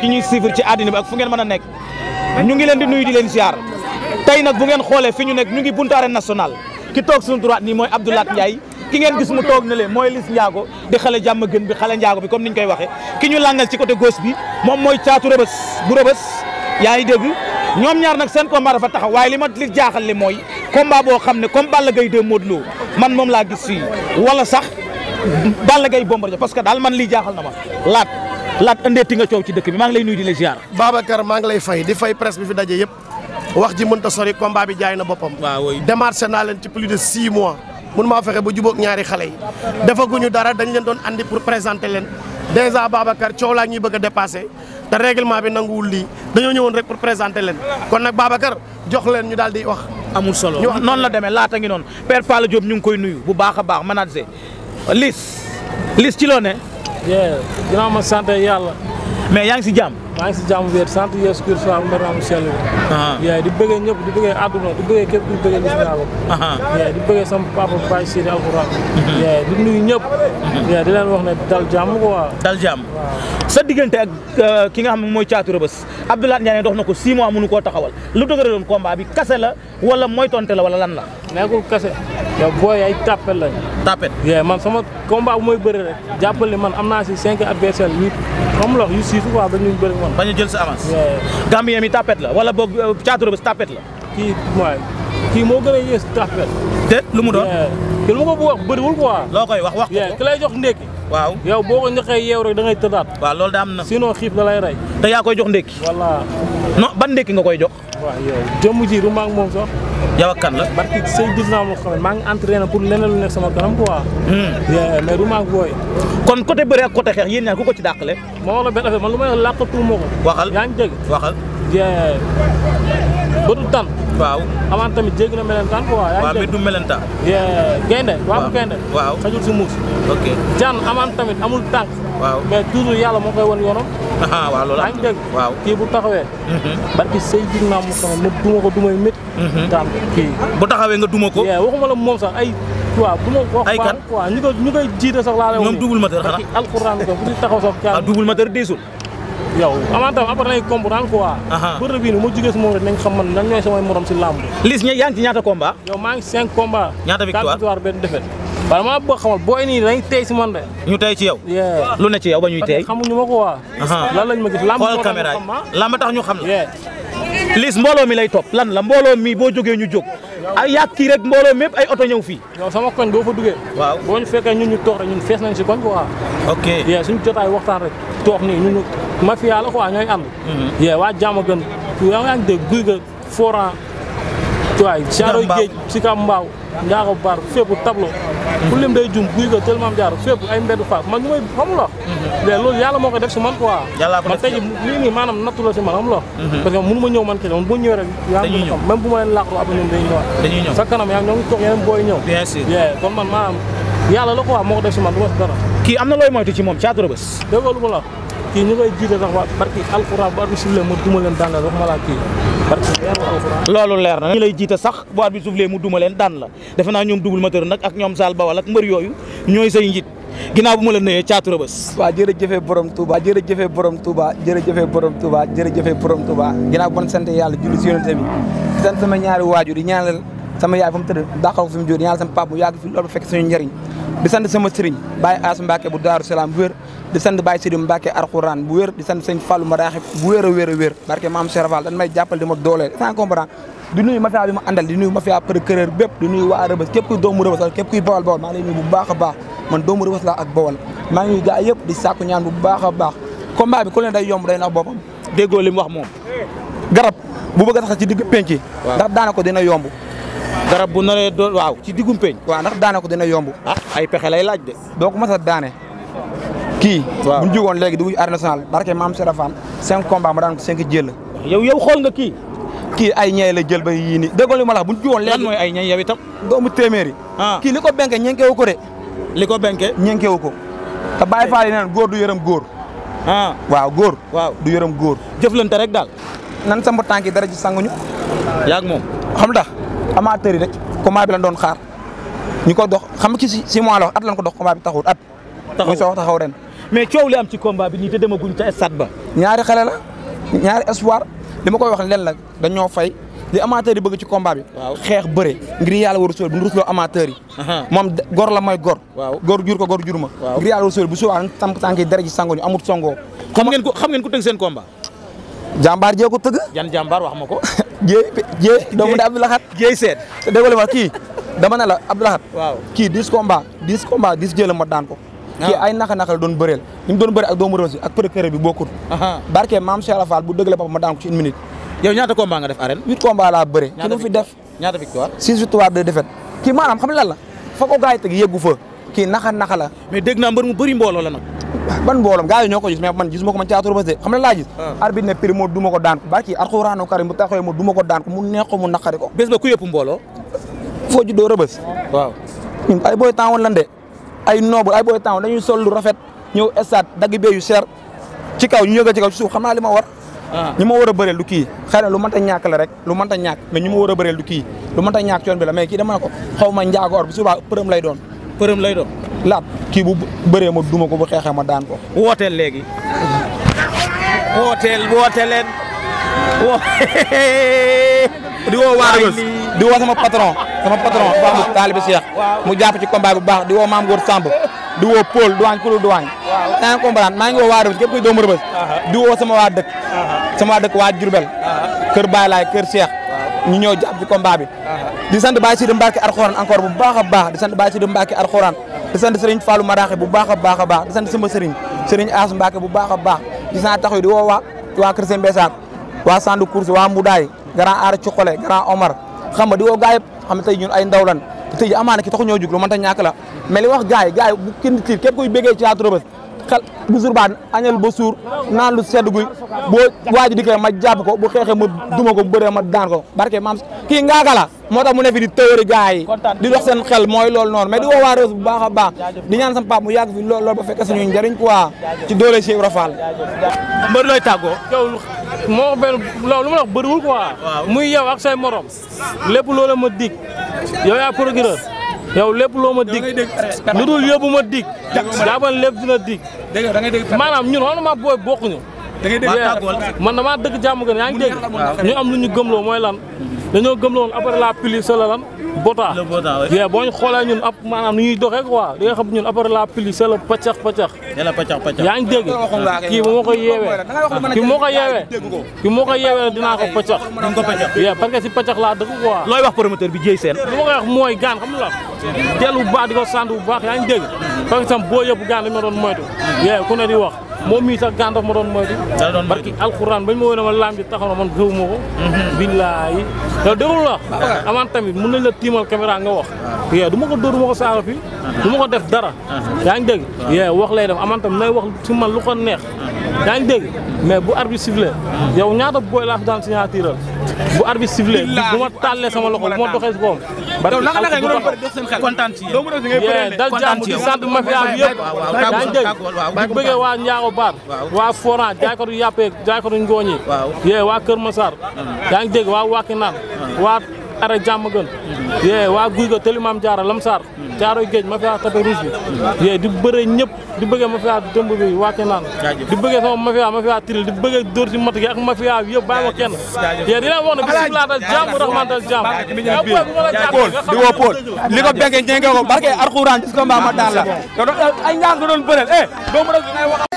mbokk yi ñuy suivre ci àddina bi ak fu ngeen mën a nekk ñu ngi leen di nuyu di leen ziar tey nag bu ngeen xoolee fi ñu nekk ñu ngi buntu arène nationale ki toog suñu droite nii mooy Abdou Lahat Ndiaye ki ngeen gis mu toog na leen mooy Liss Ndiago di xale jàmm gën bi xale Ndiago bi comme niñ koy waxee ki ñu làngal ci côté gos bi moom mooy caatu rëbës bu rëbës yaa ngi dégg ñoom ñaar nag seen combat dafa taxaw waaye li ma li jaaxal li mooy combat boo xam ne comme Balla Gaye 2 Modou Lo man moom laa gis fii wala sax Balla Gaye Bombardier parce que daal man lii jaaxal na ma laat laat andeeti nga coow ci dëkk bi maa ngi lay nuyu di la ziar. Babacar maa ngi lay fay di fay presse bi fi daje yëpp wax ji mënta sori combat bi jaay na boppam. waaw démarché naa leen ci plus de six mois. mun maa fexe ba jubóog ñaari xale yi defaguñu dara dañ leen doon andi pour présenter leen déjà Babacar coow laa ñuy bëgg a dépassé bi nanguwul lii dañoo ñëwoon rek pour présenter leen kon nag jox leen ñu daal di wax. amul solo ñu wax noonu la demee laata ngi noonu Père Palla Diop ñu ngi koy nuyu bu baax a baax manager lis ci loo ne. yeah ginnaaw ma sant yàlla. mais yaa ngi si jàmm. maa ngi si jàmm wér sant Yeesu Kirist am na am sell bi. Uh-huh. di bëggee ñëpp di bëggee àdduna di bëggee képp di bëggee lislaam. Uh-huh. yaay di bëggee sama papa Baye Sidi Alxuraan. Mm-hmm. yaay di nuyu ñëpp. Mm-hmm. yaay di leen wax na dal jàmm quoi. dal jàmm. sa diggante ak euh, ki nga xam ne mooy caatu rëbës Abdoulaye Ndiané dox na ko 6 mois munu koo taxawal lu dëgëraloon combat bi kase la wala mooy tonte la wala lan la. nekkul kase yow booy ay tapet lañ. tapet yee man sama combat bu mooy bëri rek jàppale man am naa si 5 adversaires 8 comme lox yu 6 quoi ba ñu bëri man. bañ a jël sa avance. Gambien mi tapet la wala boog euh, caatu rëbës tapet la. kii mooy kii moo gën a yées tapet. te lu mu doon. te lu ma ko bu a bëriwul quoi. loo koy wax wax ko ki jox ndékki. waaw yow boo ko njëkkee yeew rek da ngay tëddaat. waa loolu da am na. sinon xiif da lay rey. te yaa koy jox ndékki. voilà non ban ndékki nga koy jox. waaw yow jëmm ji du moom sax. yow ak kan la. parce que say gis naa moo xam ne maa ngi entraîné pour leneen lu nekk sama kanam quoi. Hmm. mais du maa ngi booy. kon côté bëre ak côté xeex yéen ñaar ku ko ci dàqale. moo la benn affaire man lu may wax làqatu ma ko. waxal yaa ngi dégg waxal. bëtu tan waaw amaan tamit jéggi na melentaan quoi waaw bi du melentaan gaynde waaw gaynde waaw xajul si muus ok amaan tamit amul tànk waaw mais toujours yàlla moo koy won yoonam ah, waaw loolu am dégg waaw kii bu taxawee mhm. barki sëy jig naa mu sama ma duma ko dumay mét daan mhm. kii bu taxawee nga duma ko waxuma la moom sax ay waaw bu ma wax ay kan quoi ñu koy ñu koy jiite sax laa lay wax ñoom double moteur xanaa alxuraan ko bu di taxaw sax ah, double moteur diisul yow avant tam après nañ comprendre quoi. bëri bii nii mu jugee si moom rek nañ xam man nan ñooy samay morom si làmb. Liss ña yaa ngi ci ñaata combat. yow maa ngi cinq combat. ñaata victoire quatre victoire benn défaite. waaw maa bëgg xamal booy nii dañuy tey si man de. ñu tey ci yow. lu ne ci yow ba ñuy tey. xamuñu ma ko waa. lan ma gis. làmb xoolal caméra yi tax ñu xam la. lis mbooloo mi lay topp lan la mbooloo mi boo jógee ñu jóg ay yàq rek mbooloo mépp ay oto ñëw fii. non sama koñ boo fa duggee. boo ñu fekkee ñun ñu toog rek ñun fees nañ si koñ quoi. ok yee suñu jotaay waxtaan rek toog nii ñun mafia la quoi ñooy ànd. Mm-hmm. yee waa jàmm gën yaa ngi dégg guy ga foran waaye caaro géej si kam mbaaw njaago bar fépp tableau mm-hmm. ku lim day jum guy ga tellement jaar fépp ay mbedd faaf man ñu may xamul mais loolu yàlla moo koy def si man ko def si man tey lii nii maanaam nattu la si man am la. Mhm. parce que ma ñëw man kese man bu ñëwee rek. dañuy ñëw même bu ma leen laqatu après ñoom dañuy ñëwaat. dañuy sa kanam yaa ngi ñoom toog yeneen la quoi ko def si man du ma si dara. kii am na looy moytu ci moom Thiatou Rebeuss. déggoo ma la kii alxuraan bu at bi suuflee mu duma daan la wax ma laa kii barki weeru alxuraan loolu leer na ñi lay jiite sax bu at bi suuflee mu duma daan la defe naa ginnaaw bu ma la nuyee caatu rëbës waaw jërëjëfee borom Touba jërëjëfee borom Touba jërëjëfee borom Touba jërëjëfee borom Touba ginnaaw bon sant yàlla julli si yonente bi di sant sama ñaari waajur di ñaanal sama yaay fa mu tëdd dàqal ko fi mu jóor ñaanal sama pap mu yàgg fi loolu fekk suñu njëriñ di sant sama sëriñ Baye Ass Mbacke bu Daaru Salaam wér di sant Baye Sidim Mbacke Alxuraan bu wér di sant sëñ Fallou Maraxib bu wér a wér a wér barke maam Serval dañ may jàppal di ma dooleel sans comprendre di nuyu mafia bi ma àndal di nuyu mafia procureur bépp di nuyu waa Rëbës képp kuy doomu Rëbës wala képp bawal bawal maa ngi bu baax a baax man doomu Rëbës laa ak bawal maa ngi nuyu di sàkku ñaan bu baax a baax combat bi leen day yomb day nax boppam déggoo li mu wax moom garab bu bëgg a tax ci digg penc ndax daana ko dina yomb garab bu naree doon waaw ci diggum penc waaw ndax daana ko dina yomb ah ay pexe lay laaj doo ko mas a daane kii bu ñu jugoon léegi dugg arène nationale barke maam Serap Fane cinq combat ma daan ko cinq jël yow yow xool nga kii kii ay ñay la jël ba yii ni déggoon li ma la bu ñu woon léegi lan mooy ay ñay yow itam doomu téeméer yi ah. kii li ko benke ñenkewu ko de li ko benke ñenkewu ko te bàyyi faal yi neen góor du yërëm góor ah waaw góor waaw du yërëm góor jëflante rek daal nan samb tànk yi dara ci sanguñu yaag moom xam tax amateur yi rek combat bi lañ doon xaar ñu ko dox xam nga ci six mois la at lañ ko dox combat bi taxul at muy soo taxaw ren mais coow li am ci combat bi nii te demaguñ ca stade ba. ñaari xale la ñaari espoir li ma koy wax leen la dañoo fay li amateur yi bëgg ci combat bi. xeex bëre ngir yàlla war a sóor bu ñu rusloo amateur yi. moom gor la mooy gor. gor jur ko gor jur ma. ngir yàlla war a sóor bu subaa tam tànk yi dara ji sangoo ñu amut sangoo. xam ngeen ko xam ngeen ko tëgg seen combat. jàmbaar jee ko tëgg. yan jàmbaar wax ma ko. jee jee doomu de Abdou Lahat jee seet te dégg nga li ma wax kii dama ne la Abdou waaw kii 10 combat 10 combat 10 jël ma daan ko. kii ah. ay naka naka la doon bëreel ñu doon bëreel ak doomu rose bi ak procureur bi barke maam Cheikh Fall bu dëgg la papa ma daan ko ci une minute yow ñaata combat nga def arène ki mu fi def fa ko gars teg yëggu fa kii naxa naxa la mais dégg naa mbër mu bëri mbooloo la ban mbooloom gars yi ñoo ko gis mais man gisuma ko man caaturo bas de xam ne laa gis ah. ne primo du ma ko daan ko barki alxuraanu karim bu taxawee mu du ma ko daan ko mu neex mu naqari ko bés ba ku yëpp ay noobu ay booy temps dañuy sol lu rafet ñëw stade dagg bee yu cher ci kaw ñu yëg ci kaw ci suuf xam li ma war. Ah. ñi ma war a bëreel du kii xëy lu mënta ñàkk la rek lu mënta ñàkk mais ñu ma war a bëreel du kii lu mënta ñàkk coon bi la mais kii dama ko xaw ma njaago or bu subaa përëm lay doon. përëm lay doon. laat kii bu bëree ma duma ko bu xeexee ma daan ko. wooteel léegi. woote leen. wo. di woo waa di woo sama patron. sama patron Samb taalibi Cheikh mu jàpp ci combat bu baax di woo maam Góor Samb di woo Paul Douane ku dul Douane yaa ngi comprendre maa ngi woo waa Rëbës képp kuy doomu Rëbës di woo sama waa dëkk sama waa dëkk waa Diourbel kër Baye Laay kër Cheikh ñu ñëw jàpp ci combat bi di sant Baye Sidi Mbacke Alxuraan encore bu baax a baax di sant Baye Sidi Mbacke Alxuraan di sant Serigne Fallou Maraxe bu baax a baax a baax di sant sama Serigne Serigne As Mbacke bu baax a baax di sant taxaw di woo waa waa Kër Sëñ waa Sandu Course waa Mbudaay grand Aar Cuxole grand Omar xam di woo gaay xam ne tey ñun ay ndaw lan te tey amaana ki taxu ñoo jug ta ñàkk la mais li wax gars yi gars yi bu kenn tiit képp koy béggee ci Thiatou xel bu jour baa añal ba suur naan lu sedd guy boo waaji dikkee ma jàpp ko bu xeexee ma duma ko bu bëree ma daan ko barke maam kii ngaaka la moo tax mu ne fi di tëwëri gars di dox seen xel mooy loolu noonu mais di wax waa bu baax a baax di ñaan sam mu yàgg fi lool lool ba fekk suñu njëriñ quoi ci doole Cheikh Ibra Fall mbër looy tàggoo moo benn loolu lu ma la wax bëriwul quoi muy yow ak say morom lépp loola ma dig yow yaa yow lépp loo ma dig lu dul yóbbu ma dig jàppal lépp dina dig maanaam ñun xamna ma booy bokkuñu da ngay dégg man damaa dëkk jàmm gën yaa ngi ñu am lu ñu gëmloo mooy lan dañoo gëmloo woon après la pluie c'est la lan bota yee boo ñu xoolee ñun ab maanaam nu ñuy doxee quoi di nga xam ñun après la pluie c'est la pacax pacax yaa ngi dégg kii moo ko yeewee kii moo ko yeewee kii moo ko yeewee dinaa ko pacax yee parce si pacax laa dëkk quoi looy wax promoteur bi jéy seen lu ma koy wax mooy gaan xam la dellu bu baax di ko sant bu baax yaa ngi dégg parce sam boo yëpp gaan dañ ma doon moytu yee ku wax moom mii sax gàndof ma doon moytu. dara doon moytu barki alxuraan bañ ma woowee ma laam ji taxaw na man gëwuma ko. Mhm. billaahi yow déglu la. waaw ah amaan tamit mun nañ la tiimal caméra nga wax. waaw du ma ko dóor du ma ko saara fi. Uh-huh. du ko def dara. Uh-huh. yaa ngi dégg. waaw uh-huh. wax lay def amaan tamit nay wax si man lu ko neex. yaa ngi dégg mais bu arbitre sifflé yow ñaata booy laa fi daan signature bu arbitre sifflé bu ma tàllee sama loxo bu ma doxee si koom. yow naka naka nga doon bëri dox seen xel kontaan ci yow. dal jàmm di sant mafia bi yëpp. yaa ngi dégg di bëggee waa Ndiago Bar. waa Foran jaaykatu yàppee jaaykatu ngooñ waa Kër Massar. Hmm. yaa ngi dégg waa Wakinan hmm. waa. ara jàmm gën yee waa guy ga tëlimaam jaara lamsaar caaroy géej ma fiyaa a rouge bi yee di bëre ñëpp di bëggee ma fiyaa dëmb bi wàcce naan di bëggee sama ma fiyaa ma fiyaa tiril di bëggee dóor ci mat gi ak ma fiyaa yëpp bàyyi ma kenn yee di leen wax ne bis laatal jàmm raxmantal jàmm di woo Paul li ko bénkee ñee nga ko barke alxuraan gis ko mbaa ma daan la a